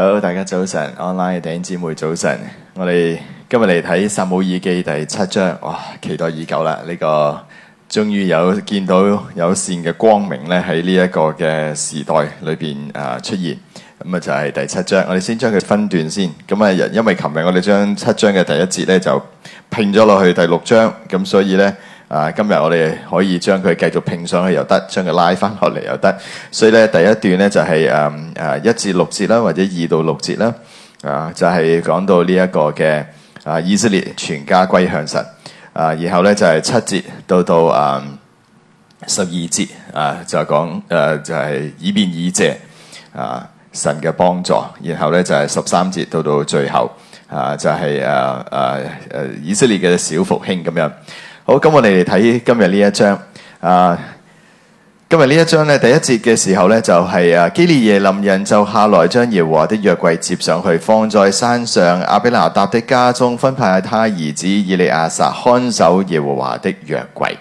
好，大家早晨，online 頂姊妹早晨。我哋今日嚟睇撒母耳記第七章，哇，期待已久啦！呢、這個終於有見到有線嘅光明咧，喺呢一個嘅時代裏邊啊出現。咁啊就係第七章，我哋先將佢分段先。咁啊，因因為琴日我哋將七章嘅第一節咧就拼咗落去第六章，咁所以咧。啊！今日我哋可以將佢繼續拼上去又得，將佢拉翻落嚟又得，所以咧第一段咧就係誒誒一至六節啦，或者二到六節啦，啊就係、是、講到呢一個嘅，啊以色列全家歸向神啊，然後咧就係、是、七節到到誒、啊、十二節啊，就係、是、講誒、啊、就係、是、以便以謝啊神嘅幫助，然後咧就係、是、十三節到到最後啊就係誒誒誒以色列嘅小復興咁樣。好，咁我哋嚟睇今日呢一章。啊，今日呢一章咧，第一節嘅時候呢，就係、是、啊，基利耶林人就下來將耶和華的約櫃接上去，放在山上亞比拿達的家中，分派他兒子以利亞撒看守耶和華的約櫃。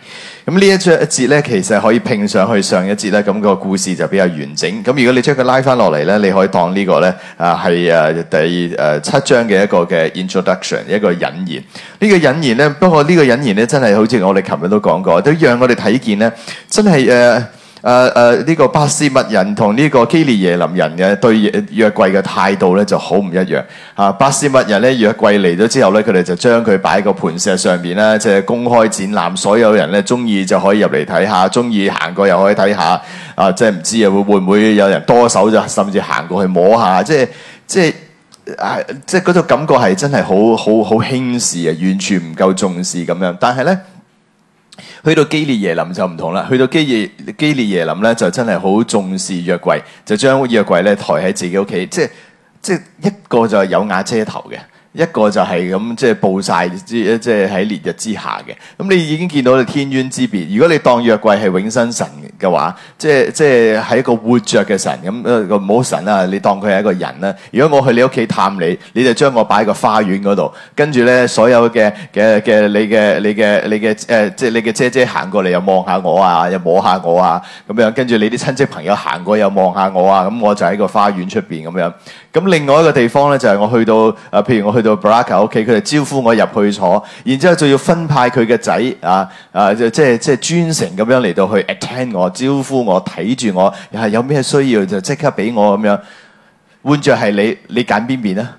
咁呢一章一節咧，其實可以拼上去上一節咧，咁個故事就比較完整。咁如果你將佢拉翻落嚟咧，你可以當呢個咧啊係誒第誒七章嘅一個嘅 introduction，一個引言。呢個、言呢個引言咧，不過個呢個引言咧，真係好似我哋琴日都講過，都讓我哋睇見咧，真係誒。Uh, 誒誒，呢個巴斯密人同呢個基利耶林人嘅對約櫃嘅態度咧就好唔一樣。吓，巴斯密人咧約櫃嚟咗之後咧，佢哋就將佢擺個盤石上邊啦，即係公開展覽，所有人咧中意就可以入嚟睇下，中意行過又可以睇下。啊，即係唔知啊會會唔會有人多手就甚至行過去摸下，即係即係啊，即係嗰種感覺係真係好好好輕視啊，完全唔夠重視咁樣。但係咧。去到基列耶林就唔同喇，去到基列基列耶林咧就真係好重視約櫃，就將約櫃咧抬喺自己屋企，即係即係一個就係有瓦遮頭嘅。一個就係咁，即係暴曬之，即係喺烈日之下嘅。咁你已經見到你天淵之別。如果你當約櫃係永生神嘅話，即係即係喺一個活着嘅神咁，唔好神啊，你當佢係一個人啦。如果我去你屋企探你，你就將我擺喺個花園嗰度，跟住咧所有嘅嘅嘅你嘅你嘅你嘅誒，即係你嘅姐姐行過嚟又望下我啊，又摸下我啊，咁樣跟住你啲親戚朋友行過又望下我啊，咁我就喺個花園出邊咁樣。咁另外一個地方咧就係、是、我去到啊，譬如我去到。到布拉克屋企，佢就招呼我入去坐，然之後就要分派佢嘅仔啊啊，即係即係專程咁樣嚟到去 attend 我，招呼我睇住我，又、啊、係有咩需要就即刻俾我咁樣。換着係你，你揀邊邊啊？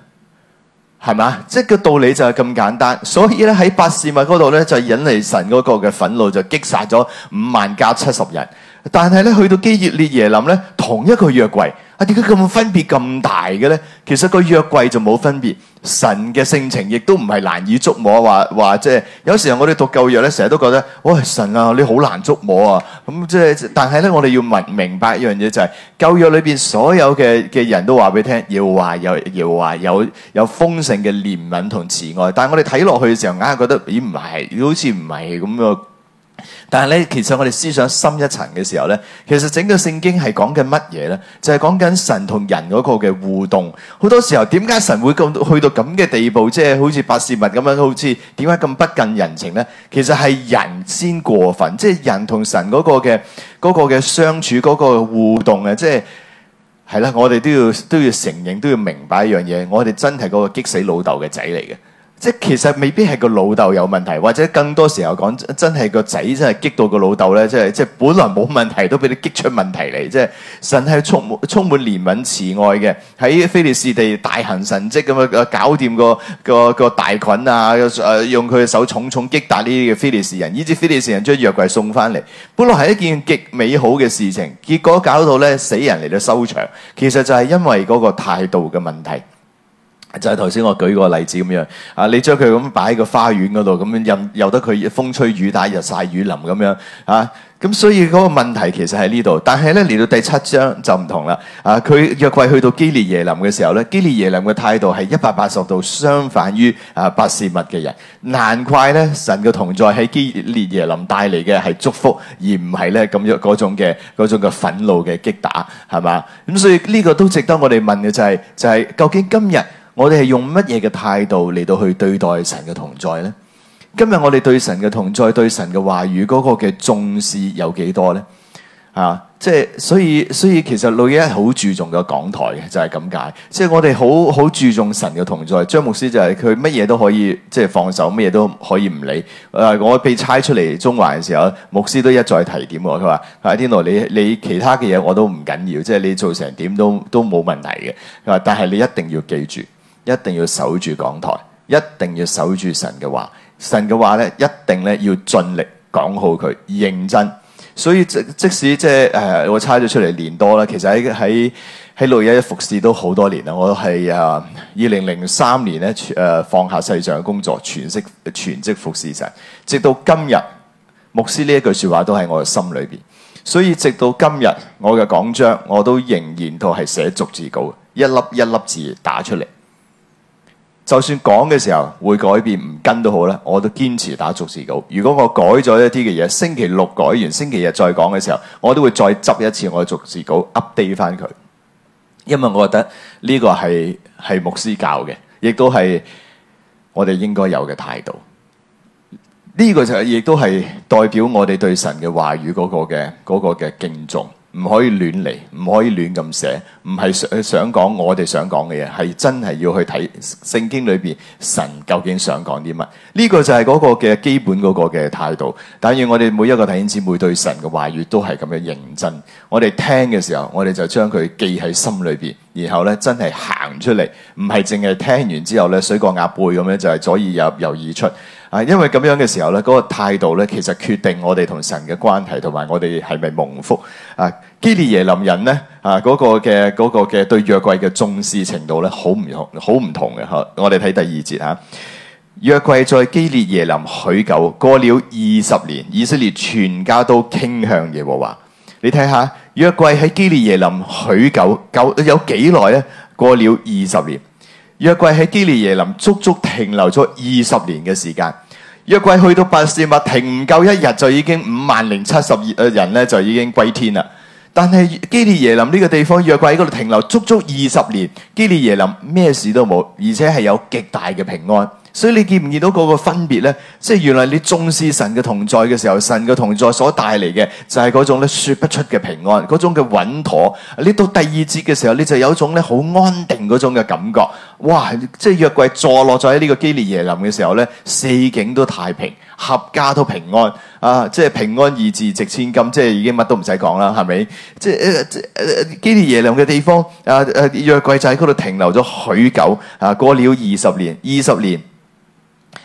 係嘛？即係個道理就係咁簡單。所以咧喺八事物嗰度咧，就引嚟神嗰個嘅憤怒，就擊殺咗五萬加七十人。但係咧，去到基列耶琳咧，同一個約櫃，啊點解咁分別咁大嘅咧？其實個約櫃就冇分別，神嘅性情亦都唔係難以捉摸。話話即係，有時候我哋讀舊約咧，成日都覺得，喂、哎、神啊，你好難捉摸啊！咁即係，但係咧，我哋要明明白一樣嘢就係、是，舊約裏邊所有嘅嘅人都話俾你聽，要話有，要話有，有豐盛嘅憐憫同慈愛。但係我哋睇落去嘅時候，硬係覺得，咦唔係，好似唔係咁樣。但係咧，其實我哋思想深一層嘅時候咧，其實整個聖經係講緊乜嘢咧？就係講緊神同人嗰個嘅互動。好多時候，點解神會咁去到咁嘅地步？即係好似百事物咁樣，好似點解咁不近人情咧？其實係人先過分，即係人同神嗰個嘅嗰個嘅相處嗰個互動啊！即係係啦，我哋都要都要承認，都要明白一樣嘢，我哋真係個激死老豆嘅仔嚟嘅。即係其實未必係個老豆有問題，或者更多時候講真係個仔真係激到個老豆咧，即係即係本來冇問題都俾你激出問題嚟。即係神係充滿充滿憐憫慈愛嘅，喺菲利士地大行神蹟咁啊！搞掂個個大菌啊，誒用佢嘅手重重擊打呢啲嘅菲利士人，以至菲利士人將約櫃送翻嚟。本來係一件極美好嘅事情，結果搞到咧死人嚟到收場。其實就係因為嗰個態度嘅問題。就係頭先我舉個例子咁樣，啊，你將佢咁擺喺個花園嗰度，咁樣任由得佢風吹雨打、日曬雨淋咁樣，嚇，咁所以嗰個問題其實喺呢度。但係咧嚟到第七章就唔同啦，啊，佢約櫃去到基列耶林嘅時候咧，基列耶林嘅態度係一百八十度相反於啊伯示麥嘅人，難怪咧神嘅同在喺基列耶林帶嚟嘅係祝福，而唔係咧咁樣嗰種嘅嗰種嘅憤怒嘅擊打，係嘛？咁所以呢個都值得我哋問嘅就係就係究竟今日。我哋係用乜嘢嘅態度嚟到去對待神嘅同在呢？今日我哋對神嘅同在，對神嘅話語嗰個嘅重視有幾多呢？啊，即係所以，所以其實女人好注重嘅講台就係咁解。即係我哋好好注重神嘅同在。張牧師就係佢乜嘢都可以即係放手，乜嘢都可以唔理。誒，我被差出嚟中華嘅時候，牧師都一再提點我，佢話，阿天路，你你其他嘅嘢我都唔緊要，即係你做成點都都冇問題嘅。佢話，但係你一定要記住。一定要守住港台，一定要守住神嘅話，神嘅話咧，一定咧要盡力講好佢認真。所以即即使即係誒，我猜咗出嚟年多啦，其實喺喺喺六一一服侍都好多年啦。我都係啊二零零三年咧，誒、呃、放下世上嘅工作，全職全職服侍神，直到今日牧師呢一句說話都喺我嘅心裏邊。所以直到今日我嘅講章，我都仍然都係寫逐字稿，一粒一粒字打出嚟。就算講嘅時候會改變，唔跟都好啦。我都堅持打逐字稿。如果我改咗一啲嘅嘢，星期六改完，星期日再講嘅時候，我都會再執一次我嘅逐字稿 update 翻佢。因為我覺得呢個係係牧師教嘅，亦都係我哋應該有嘅態度。呢個就係亦都係代表我哋對神嘅話語嗰個嘅嗰個嘅敬重。唔可以亂嚟，唔可以亂咁寫，唔係想講我哋想講嘅嘢，係真係要去睇聖經裏邊神究竟想講啲乜。呢、這個就係嗰個嘅基本嗰個嘅態度。但願我哋每一個弟兄姊妹對神嘅話語都係咁樣認真，我哋聽嘅時候，我哋就將佢記喺心裏邊，然後呢，真係行出嚟，唔係淨係聽完之後呢，水過鴨背咁樣就係左耳入右耳出。啊，因為咁樣嘅時候呢，嗰個態度呢，其實決定我哋同神嘅關係，同埋我哋係咪蒙福啊。基列耶林人呢，啊，嗰個嘅嗰個嘅對約櫃嘅重視程度呢，好唔同好唔同嘅嗬。我哋睇第二節吓，啊，約櫃在基列耶林許久，過了二十年，以色列全家都傾向耶和華。你睇下，約櫃喺基列耶林許久，久有幾耐呢？過了二十年。約櫃喺基利耶林足足停留咗二十年嘅時間，約櫃去到拔示麥停唔夠一日就已經五萬零七十二人咧就已經歸天啦。但係基利耶林呢個地方，約櫃喺嗰度停留足足二十年，基利耶林咩事都冇，而且係有極大嘅平安。所以你見唔見到嗰個分別呢？即係原來你重視神嘅同在嘅時候，神嘅同在所帶嚟嘅就係嗰種咧說不出嘅平安，嗰種嘅穩妥。你到第二節嘅時候，你就有一種咧好安定嗰種嘅感覺。哇！即係約櫃坐落咗喺呢個基列耶琳嘅時候呢，四境都太平。合家都平安啊！即係平安二字值千金，即係已經乜都唔使講啦，係咪？即係、啊、即係、啊、基列耶琳嘅地方啊！約櫃喺嗰度停留咗許久啊！過了二十年，二十年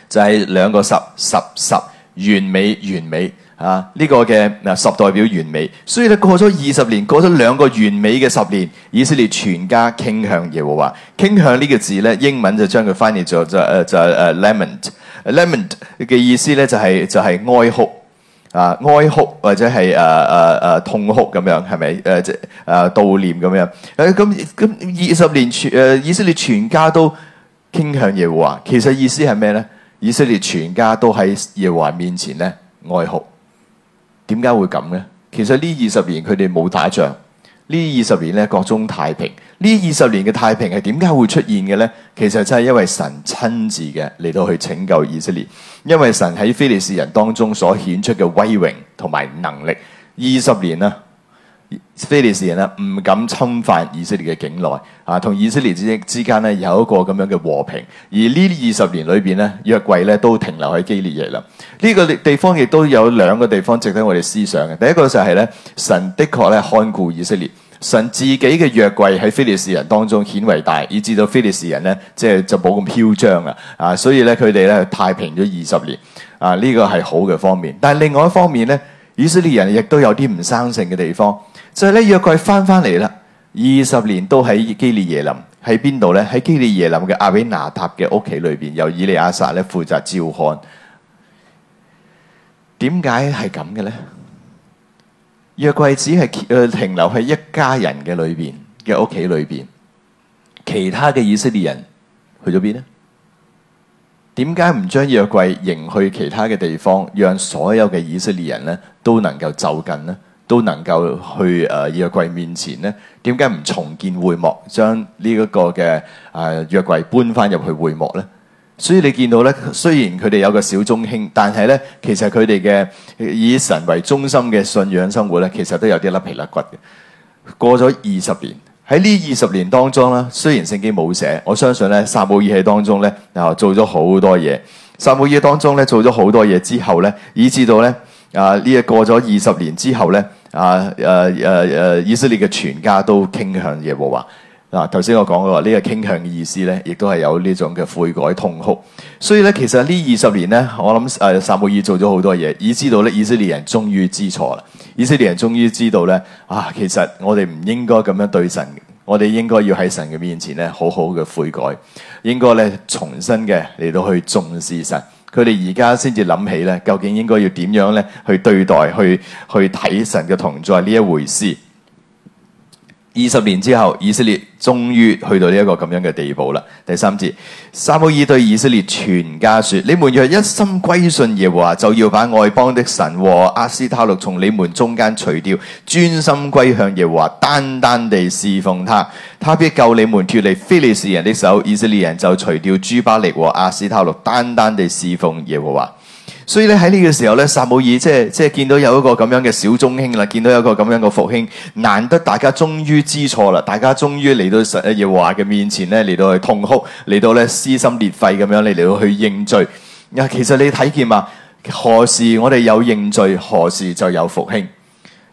就係、是、兩個十十十,十完美完美啊！呢、這個嘅、啊、十代表完美，所以咧過咗二十年，過咗兩個完美嘅十年，以色列全家傾向耶和華。傾向呢個字咧，英文就將佢翻譯咗，就誒就誒 lament。Lament 嘅意思咧就係、係、就係、係、哀哭啊、呃、哀哭或者係誒誒誒痛哭咁樣，係咪，誒誒悼念咁樣，誒，咁咁二十年全誒以色列全家都傾向耶和華，其實意思係咩咧？以色列全家都喺耶和華面前咧哀哭，點解會咁咧？其實呢二十年佢哋冇打仗，呢二十年咧各種太平。呢二十年嘅太平係點解會出現嘅呢？其實就係因為神親自嘅嚟到去拯救以色列，因為神喺菲利士人當中所顯出嘅威榮同埋能力，二十年啦，菲利士人啦唔敢侵犯以色列嘅境內，啊，同以色列之之間咧有一個咁樣嘅和平。而呢二十年裏邊呢，約櫃呢都停留喺基列耶啦。呢個地方亦都有兩個地方值得我哋思想嘅。第一個就係呢，神的確咧看顧以色列。神自己嘅約櫃喺非利士人當中顯為大，以致到非利士人呢，即係就冇咁囂張啊！啊，所以咧佢哋咧太平咗二十年，啊呢、這個係好嘅方面。但係另外一方面呢，以色列人亦都有啲唔生性嘅地方。所以咧約櫃翻翻嚟啦，二十年都喺基利耶林，喺邊度呢？喺基利耶林嘅阿比拿塔嘅屋企裏邊，由以利亞撒咧負責照看。點解係咁嘅呢？若櫃只係誒停留喺一家人嘅裏邊嘅屋企裏邊，其他嘅以色列人去咗邊咧？點解唔將約櫃迎去其他嘅地方，讓所有嘅以色列人咧都能夠走近咧，都能夠去誒約櫃面前呢？點解唔重建會幕，將呢一個嘅誒約櫃搬翻入去會幕呢？所以你見到咧，雖然佢哋有個小中興，但係咧，其實佢哋嘅以神為中心嘅信仰生活咧，其實都有啲甩皮甩骨嘅。過咗二十年，喺呢二十年當中咧，雖然聖經冇寫，我相信咧，撒母耳喺當中咧，啊然後做咗好多嘢。撒母耳當中咧做咗好多嘢之後咧，以至到咧啊呢個過咗二十年之後咧，啊誒誒誒以色列嘅全家都傾向耶和華。嗱，頭先我講過呢個傾向嘅意思呢，亦都係有呢種嘅悔改痛哭。所以咧，其實呢二十年呢，我諗誒撒母耳做咗好多嘢，以至到咧以色列人終於知錯啦。以色列人終於知，知道咧，啊，其實我哋唔應該咁樣對神，我哋應該要喺神嘅面前咧，好好嘅悔改，應該咧重新嘅嚟到去重視神。佢哋而家先至諗起咧，究竟應該要點樣咧去對待、去去睇神嘅同在呢一回事。二十年之後，以色列終於去到呢一個咁樣嘅地步啦。第三節，撒母耳對以色列全家説：你們若一心歸信耶和華，就要把外邦的神和亞斯他錄從你們中間除掉，專心歸向耶和華，單單地侍奉他。他必救你們脱離非利士人的手。以色列人就除掉諸巴力和亞斯他錄，單單地侍奉耶和華。所以咧喺呢個時候咧，撒母耳即係即係見到有一個咁樣嘅小中興啦，見到有一個咁樣嘅復興，難得大家終於知錯啦，大家終於嚟到神耶和華嘅面前咧，嚟到去痛哭，嚟到咧撕心裂肺咁樣嚟嚟到去認罪。啊，其實你睇見嘛，何時我哋有認罪，何時就有復興。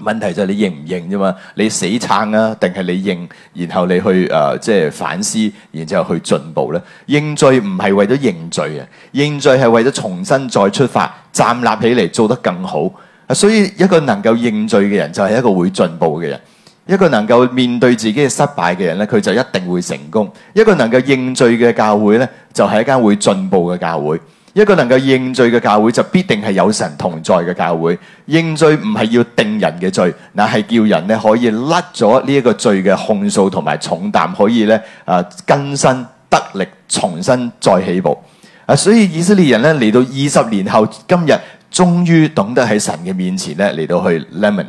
問題就係你認唔認啫嘛？你死撐啊，定係你認，然後你去誒，即係反思，然之後去進步咧。認罪唔係為咗認罪啊，認罪係為咗重新再出發，站立起嚟做得更好啊。所以一個能夠認罪嘅人，就係一個會進步嘅人；一個能夠面對自己嘅失敗嘅人咧，佢就一定會成功。一個能夠認罪嘅教會咧，就係一間會進步嘅教會。一個能夠認罪嘅教會就必定係有神同在嘅教會。認罪唔係要定人嘅罪，嗱係叫人咧可以甩咗呢一個罪嘅控訴同埋重擔，可以咧啊更新得力，重新再起步。啊，所以以色列人咧嚟到二十年後今日，終於懂得喺神嘅面前咧嚟到去 lemon。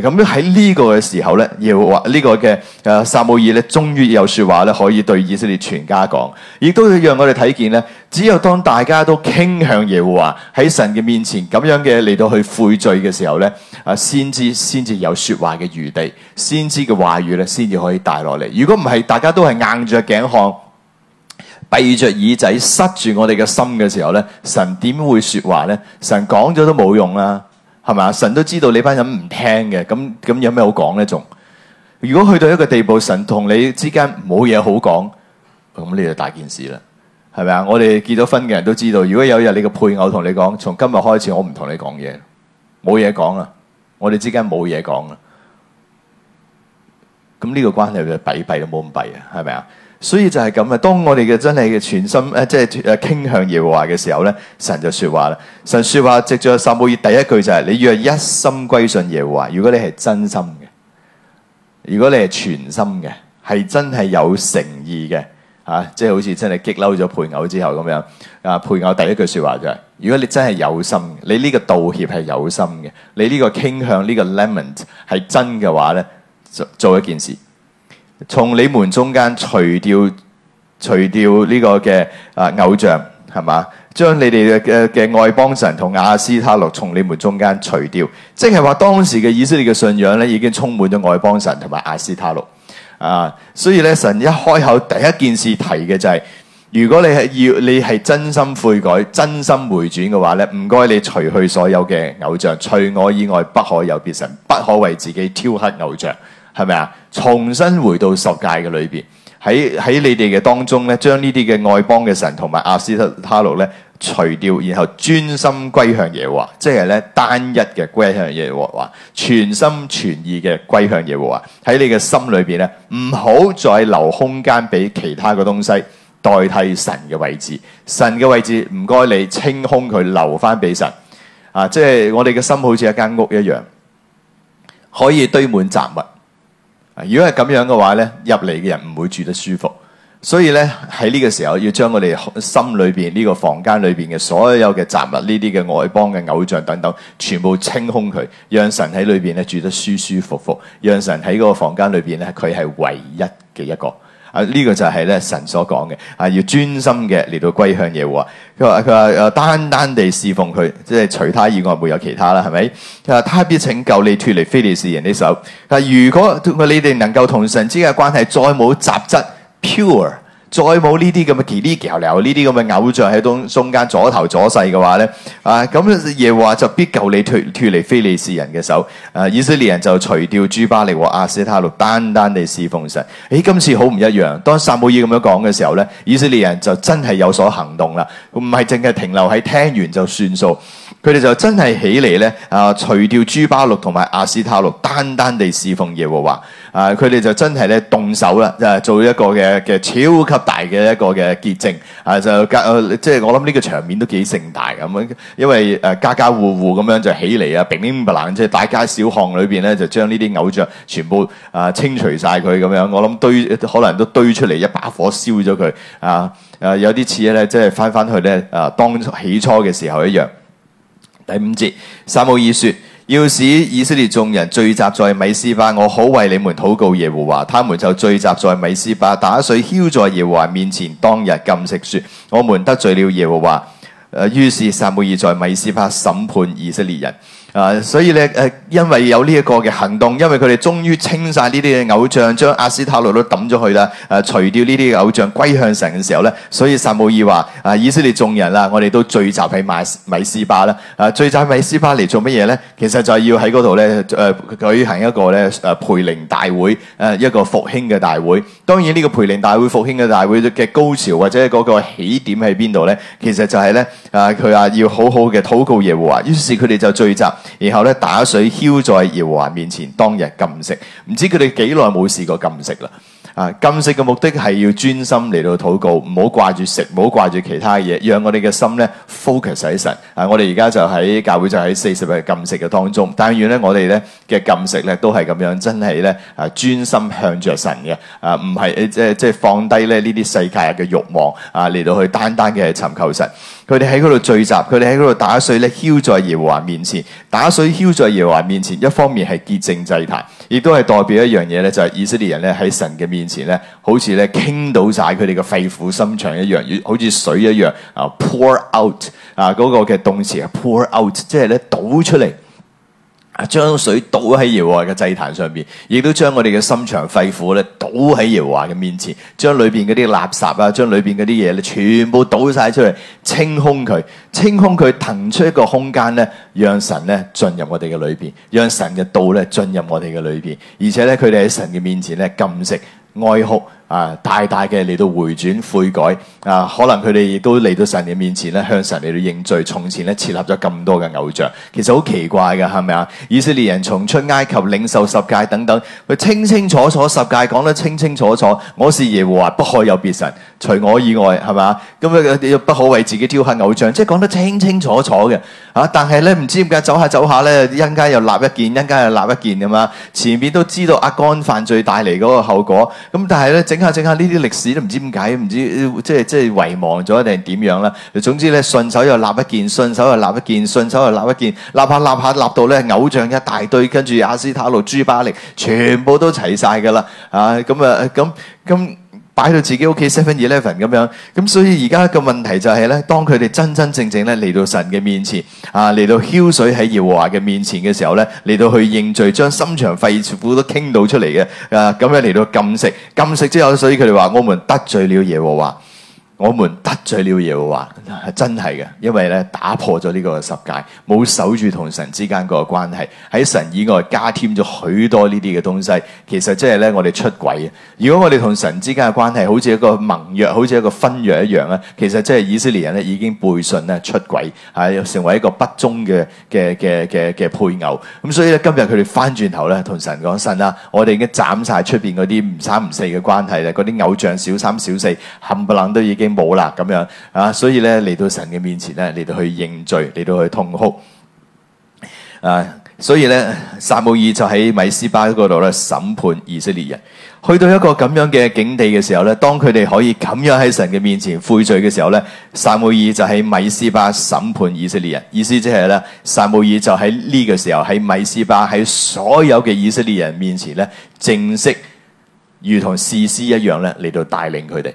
咁樣喺呢個嘅時候咧，耶和華呢、這個嘅誒、啊，撒母耳咧，終於有說話咧，可以對以色列全家講，亦都要讓我哋睇見咧，只有當大家都傾向耶和華喺神嘅面前咁樣嘅嚟到去悔罪嘅時候咧，啊，先知先至有說話嘅餘地，先知嘅話語咧，先至可以帶落嚟。如果唔係，大家都係硬著頸項、閉着耳仔、塞住我哋嘅心嘅時候咧，神點會說話咧？神講咗都冇用啦。係咪啊？神都知道你班人唔聽嘅，咁咁有咩好講呢？仲如果去到一個地步，神同你之間冇嘢好講，咁呢就大件事啦，係咪啊？我哋結咗婚嘅人都知道，如果有日你個配偶同你講，從今日開始我唔同你講嘢，冇嘢講啦，我哋之間冇嘢講啦，咁呢個關係就弊弊都冇咁弊啊，係咪啊？所以就係咁啊！當我哋嘅真係嘅全心誒，即係誒傾向耶和華嘅時候咧，神就說話啦。神說話藉着撒母耳第一句就係、是：，你若一心歸順耶和華。如果你係真心嘅，如果你係全心嘅，係真係有誠意嘅，吓、啊，即係好似真係激嬲咗配偶之後咁樣啊。配偶第一句說話就係、是：，如果你真係有心，你呢個道歉係有心嘅，你呢個傾向呢、這個 lament 係真嘅話呢，做做一件事。從你們中間除掉除掉呢個嘅啊偶像係嘛，將你哋嘅嘅愛邦神同亞斯他錄從你們中間除掉，即係話當時嘅以色列嘅信仰咧，已經充滿咗愛邦神同埋亞斯他錄啊，所以咧，神一開口第一件事提嘅就係、是，如果你係要你係真心悔改、真心回轉嘅話呢，唔該你除去所有嘅偶像，除我以外不可有別神，不可為自己雕刻偶像。係咪啊？重新回到十誡嘅裏邊，喺喺你哋嘅當中咧，將呢啲嘅外邦嘅神同埋亞斯他錄咧除掉，然後專心歸向耶和華，即係咧單一嘅歸向耶和華，全心全意嘅歸向耶和華。喺你嘅心裏邊咧，唔好再留空間俾其他嘅東西代替神嘅位置，神嘅位置唔該你清空佢，留翻俾神。啊，即係我哋嘅心好似一間屋一樣，可以堆滿雜物。如果係咁樣嘅話呢，入嚟嘅人唔會住得舒服，所以呢，喺呢個時候要將我哋心裏邊呢個房間裏邊嘅所有嘅雜物、呢啲嘅外邦嘅偶像等等，全部清空佢，讓神喺裏邊咧住得舒舒服服，讓神喺嗰個房間裏邊咧佢係唯一嘅一個。啊！呢，這個就係咧神所講嘅，啊，要專心嘅嚟到歸向耶和華。佢話佢話誒單單地侍奉佢，即係除他以外沒有其他啦，係咪？佢話啊，他必拯救你脫離非利士人嘅手。啊」但如果我你哋能夠同神之間嘅關係再冇雜質，pure。再冇呢啲咁嘅奇呢奇流呢啲咁嘅偶像喺中中間阻頭阻勢嘅話呢，啊，咁耶和華就必救你脫脫離非利士人嘅手，啊，以色列人就除掉諸巴力和亞斯他錄，單單地侍奉神。誒、欸、今次好唔一樣，當撒母耳咁樣講嘅時候呢，以色列人就真係有所行動啦，唔係淨係停留喺聽完就算數，佢哋就真係起嚟呢，啊，除掉諸巴力同埋亞斯他錄，單單地侍奉耶和華。啊！佢哋就真係咧，動手啦，就、啊、做一個嘅嘅超級大嘅一個嘅潔淨啊！就即係、啊就是、我諗呢個場面都幾盛大咁樣、啊，因為誒、啊、家家戶戶咁樣就起嚟啊，乒乒乓乓即係大街小巷裏邊咧，就將呢啲偶像全部啊清除晒佢咁樣。我諗堆可能都堆出嚟一把火燒咗佢啊！誒、啊，有啲似咧，即係翻翻去咧啊，當起初嘅時候一樣。第五節，撒母耳說。要使以色列眾人聚集在米斯巴，我好為你們禱告耶和華。他們就聚集在米斯巴，打水澆在耶和華面前。當日禁食說：我們得罪了耶和華。誒、呃，於是撒母耳在米斯巴審判以色列人。啊，所以咧，誒、啊，因為有呢一個嘅行動，因為佢哋終於清晒呢啲嘅偶像，將亞斯他錄都抌咗去啦，誒、啊，除掉呢啲偶像，歸向神嘅時候咧，所以撒母耳話：啊，以色列眾人啦、啊，我哋都聚集喺米米斯巴啦，啊，聚集喺米斯巴嚟做乜嘢咧？其實就係要喺嗰度咧，誒、呃，舉行一個咧，誒，培靈大會，誒、啊，一個復興嘅大會。當然呢個培靈大會復興嘅大會嘅高潮或者嗰個起點喺邊度咧？其實就係咧，啊，佢話要好好嘅禱告耶和華，於是佢哋就聚集。然後咧，打水澆在耶和華面前，當日禁食，唔知佢哋幾耐冇試過禁食啦。啊，禁食嘅目的係要專心嚟到禱告，唔好掛住食，唔好掛住其他嘢，讓我哋嘅心咧 focus 喺神。啊，我哋而家就喺教會就喺四十日禁食嘅當中，但願咧我哋咧嘅禁食咧都係咁樣，真係咧啊專心向着神嘅啊，唔係即係即係放低咧呢啲世界嘅欲望啊嚟到去單單嘅尋求神。佢哋喺嗰度聚集，佢哋喺嗰度打水咧，澆在耶和華面前，打水澆在耶和華面前，一方面係潔淨祭壇，亦都係代表一樣嘢咧，就係、是、以色列人咧喺神嘅面前咧，好似咧傾倒晒佢哋嘅肺腑心腸一樣，好似水一樣啊，pour out 啊嗰、那個嘅動詞係 pour out，即係咧倒出嚟。將水倒喺耶和華嘅祭壇上邊，亦都將我哋嘅心腸肺腑咧倒喺耶和華嘅面前，將裏邊嗰啲垃圾啊，將裏邊嗰啲嘢咧全部倒晒出嚟，清空佢，清空佢，騰出一個空間咧，讓神咧進入我哋嘅裏邊，讓神嘅道咧進入我哋嘅裏邊，而且咧佢哋喺神嘅面前咧禁食哀哭。啊，大大嘅嚟到回轉悔改啊，可能佢哋亦都嚟到神嘅面前咧，向神嚟到認罪，從前咧設立咗咁多嘅偶像，其實好奇怪嘅，係咪啊？以色列人重出埃及、領受十誡等等，佢清清楚楚十誡講得清清楚楚，我是耶和華，不可有別神，除我以外，係咪？咁啊，你不可為自己雕刻偶像，即係講得清清楚楚嘅。啊，但係咧唔知點解走下走下咧，一陣間又立一件，一陣間又立一件咁啊。前面都知道阿干犯罪帶嚟嗰個後果，咁但係咧。整下整下呢啲歷史都唔知點解，唔知即係即係遺忘咗定係點樣啦。總之咧，順手又立一件，順手又立一件，順手又立一件，立下立下立到咧偶像一大堆，跟住亞斯塔路、朱巴力，全部都齊晒噶啦啊！咁、嗯、啊，咁、嗯、咁。嗯嗯嗯擺到自己屋企 Seven Eleven 咁樣，咁所以而家個問題就係、是、咧，當佢哋真真正正咧嚟到神嘅面前，啊嚟到澆水喺耶和華嘅面前嘅時候咧，嚟、啊、到去認罪，將心腸肺全部都傾到出嚟嘅，啊咁樣嚟到禁食，禁食之後，所以佢哋話我們得罪了耶和華。我們得罪了耶和華，真係嘅，因為咧打破咗呢個十戒，冇守住同神之間個關係，喺神以外加添咗許多呢啲嘅東西，其實即係咧我哋出軌啊！如果我哋同神之間嘅關係好似一個盟約，好似一個婚約一樣咧，其實即係以色列人咧已經背信咧出軌，係成為一個不忠嘅嘅嘅嘅嘅配偶。咁所以咧今日佢哋翻轉頭咧同神講：神啊，我哋已經斬晒出面嗰啲唔三唔四嘅關係啦，嗰啲偶像小三小四冚唪唥都已經。冇啦咁樣啊，所以咧嚟到神嘅面前咧，嚟到去認罪，嚟到去痛哭啊！所以咧，撒母耳就喺米斯巴嗰度咧審判以色列人。去到一個咁樣嘅境地嘅時候咧，當佢哋可以咁樣喺神嘅面前悔罪嘅時候咧，撒母耳就喺米斯巴審判以色列人。意思即係咧，撒母耳就喺呢個時候喺米斯巴喺所有嘅以色列人面前咧，正式如同士師一樣咧嚟到帶領佢哋。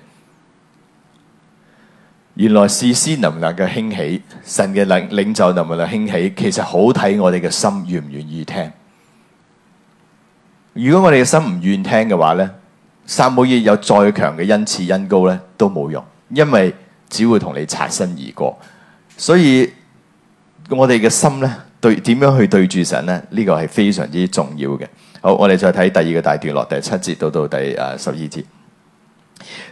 原來施恩能量嘅興起，神嘅領領袖能力興起，其實好睇我哋嘅心願唔願意聽。如果我哋嘅心唔願意聽嘅話呢，撒母耳有再強嘅恩賜恩膏呢都冇用，因為只會同你擦身而過。所以我哋嘅心呢，對點樣去對住神呢？呢、呢個係非常之重要嘅。好，我哋再睇第二個大段落，第七節到到第誒十二節。.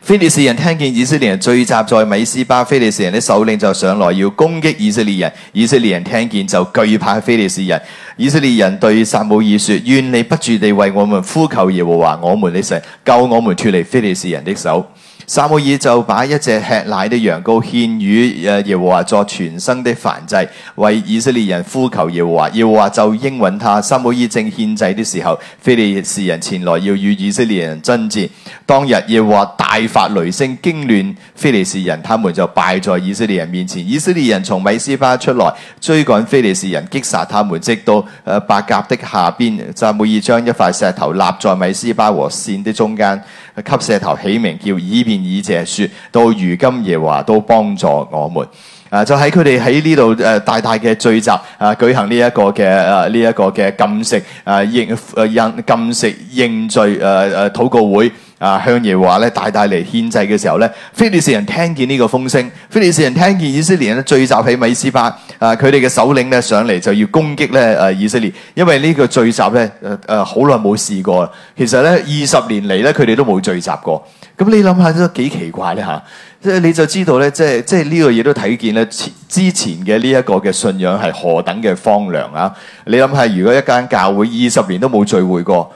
非利士人聽見以色列人聚集在米斯巴，非利士人的首領就上來要攻擊以色列人。以色列人聽見就懼怕非利士人。以色列人對撒母耳說：願你不住地為我們呼求耶和華，我們的神，救我們脫離非利士人的手。撒母耳就把一隻吃奶的羊羔獻與耶和華作全牲的燔祭，為以色列人呼求耶和華，耶和華就應允他。撒母耳正獻祭的時候，非利士人前來要與以色列人爭戰。當日耶和華大發雷聲，驚亂非利士人，他們就敗在以色列人面前。以色列人從米斯巴出來追趕非利士人，擊殺他們，直到誒伯甲的下邊。撒母耳將一塊石頭立在米斯巴和線的中間。給石頭起名叫以便以謝說到如今耶華都幫助我們啊就喺佢哋喺呢度誒大大嘅聚集啊舉行呢一個嘅啊呢一個嘅禁食啊認禁食認罪誒誒禱告會。啊，香耶嘅話咧，大大嚟獻祭嘅時候咧，非利士人聽見呢個風聲，非利士人聽見以色列咧聚集喺米斯巴，啊，佢哋嘅首領咧上嚟就要攻擊咧啊以色列，因為呢個聚集咧，誒誒好耐冇試過啦。其實咧，二十年嚟咧，佢哋都冇聚集過。咁你諗下都幾奇怪咧嚇，即係你就知道咧，即係即係呢個嘢都睇見咧，之前嘅呢一個嘅信仰係何等嘅荒涼啊！你諗下，如果一間教會二十年都冇聚會過，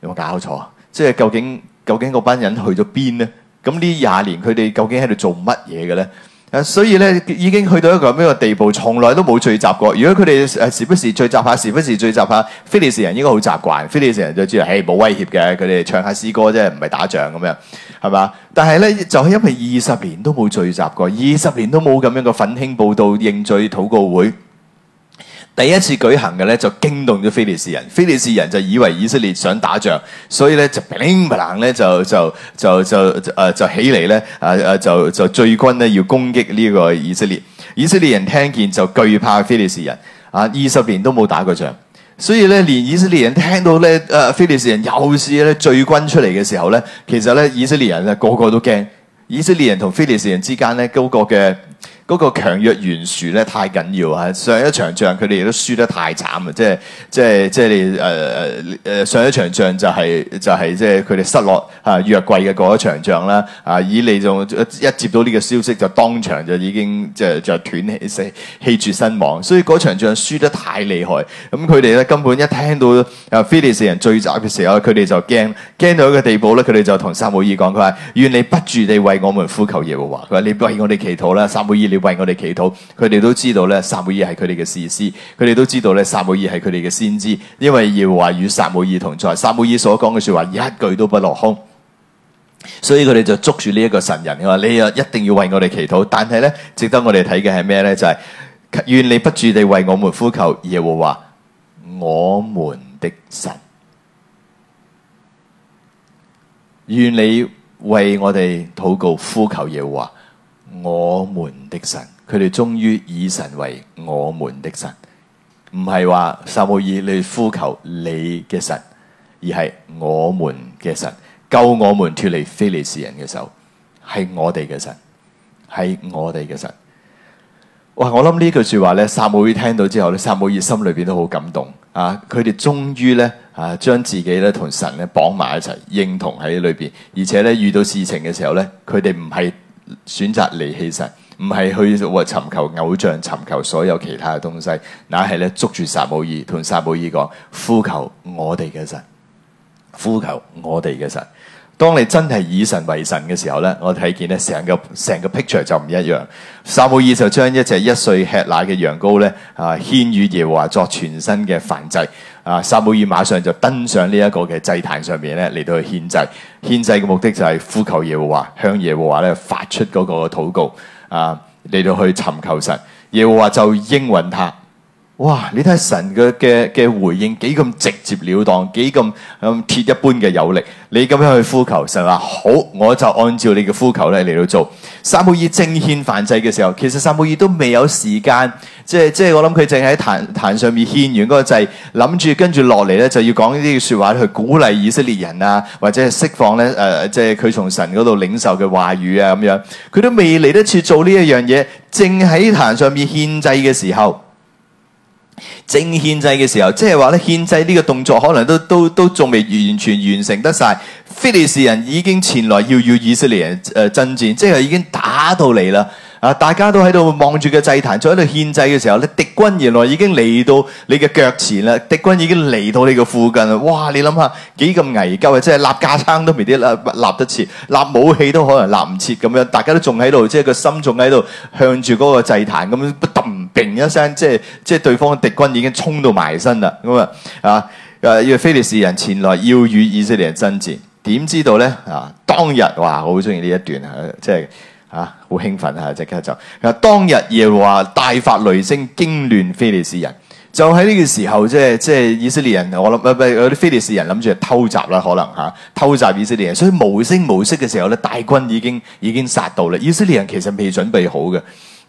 有冇搞錯？即係究竟？究竟嗰班人去咗邊呢？咁呢廿年佢哋究竟喺度做乜嘢嘅咧？啊，所以咧已經去到一個咁樣嘅地步，從來都冇聚集過。如果佢哋誒時不時聚集下，時不時聚集下，非利士人應該好習慣。非利士人就知誒，冇威脅嘅，佢哋唱下詩歌啫，唔係打仗咁樣，係嘛？但係咧就係因為二十年都冇聚集過，二十年都冇咁樣嘅奮興佈道、認罪禱告會。第一次舉行嘅咧就驚動咗非利士人，非利士人就以為以色列想打仗，所以咧就乒不啷咧就就就就誒就，就起嚟咧誒誒就就聚軍咧要攻擊呢個以色列。以色列人聽見就懼怕非利士人啊，二十年都冇打過仗，所以咧連以色列人聽到咧誒非利士人又是咧聚軍出嚟嘅時候咧，其實咧以色列人咧個個都驚。以色列人同非利士人之間咧高個嘅。嗰個強弱懸殊咧太緊要啊！上一場仗佢哋亦都輸得太慘啊！即係即係即係誒誒誒上一場仗就係就係即係佢哋失落啊約櫃嘅嗰一場仗啦！啊以利仲一接到呢個消息就當場就已經即係就斷氣死氣絕身亡，所以嗰場仗輸得太厲害。咁佢哋咧根本一聽到啊非利士人追襲嘅時候，佢哋就驚驚到一個地步咧，佢哋就同撒母耳講：佢話願你不住地為我們呼求耶和華，佢話你為我哋祈禱啦！撒母耳為我哋祈禱，佢哋都知道咧，撒母耳係佢哋嘅先師，佢哋都知道咧，撒母耳係佢哋嘅先知，因為耶和華與撒母耳同在，撒母耳所講嘅說話一句都不落空，所以佢哋就捉住呢一個神人話：你啊，一定要為我哋祈禱。但係咧，值得我哋睇嘅係咩咧？就係、是、願你不住地為我們呼求耶和華我們的神，願你為我哋禱告呼求耶和華。我們的神，佢哋終於以神為我們的神，唔係話撒母耳你哋呼求你嘅神，而係我們嘅神救我們脫離非利士人嘅手，係我哋嘅神，係我哋嘅神。哇！我諗呢句說話咧，撒母耳聽到之後咧，撒母耳心裏邊都好感動啊！佢哋終於咧啊，將自己咧同神咧綁埋一齊，認同喺裏邊，而且呢，遇到事情嘅時候呢，佢哋唔係。選擇離棄神，唔係去話尋求偶像，尋求所有其他嘅東西，那係咧捉住撒母耳，同撒母耳講，呼求我哋嘅神，呼求我哋嘅神。當你真係以神為神嘅時候呢，我睇見呢，成個成個 picture 就唔一樣。撒母耳就將一隻一歲吃奶嘅羊羔呢啊，獻與耶和華作全牲嘅燔祭。啊，撒母耳馬上就登上呢一個嘅祭壇上面呢，嚟到去獻祭。獻祭嘅目的就係呼求耶和華，向耶和華咧發出嗰個禱告，啊，嚟到去尋求神。耶和華就應允他。哇！你睇神嘅嘅嘅回應幾咁直接了當，幾咁咁鐵一般嘅有力。你咁樣去呼求，神話好，我就按照你嘅呼求咧嚟到做撒母耳正獻燔祭嘅時候，其實撒母耳都未有時間，即係即係我諗佢正喺壇壇上面獻完嗰個祭，諗住跟住落嚟咧就要講呢啲說話去鼓勵以色列人啊，或者釋放咧誒、呃，即係佢從神嗰度領受嘅話語啊咁樣，佢都未嚟得切做呢一樣嘢，正喺壇上面獻祭嘅時候。正獻祭嘅時候，即係話咧獻祭呢個動作可能都都都仲未完全完成得晒。非利士人已經前來要要以色列人誒爭戰，即係已經打到嚟啦。啊，大家都喺度望住個祭壇，仲喺度獻祭嘅時候咧，敵軍原來已經嚟到你嘅腳前啦，敵軍已經嚟到你嘅附近啦。哇，你諗下幾咁危急啊！即係立架撐都未必啦，立得切，立武器都可能立唔切咁樣，大家都仲喺度，即係個心仲喺度向住嗰個祭壇咁樣。砰一聲，即係即係，對方敵軍已經衝到埋身啦。咁啊啊，誒、啊，約非利士人前來要與以色列人爭戰，點知道咧啊？當日哇，我好中意呢一段啊，即係啊，好興奮啊！即刻就、啊，當日耶華大發雷聲，驚亂菲利士人。就喺呢個時候，即係即係以色列人，我諗唔係有啲菲利士人諗住偷襲啦，可能吓、啊、偷襲以色列人。所以無聲無息嘅時候咧，大軍已經已經殺到啦。以色列人其實未準備好嘅。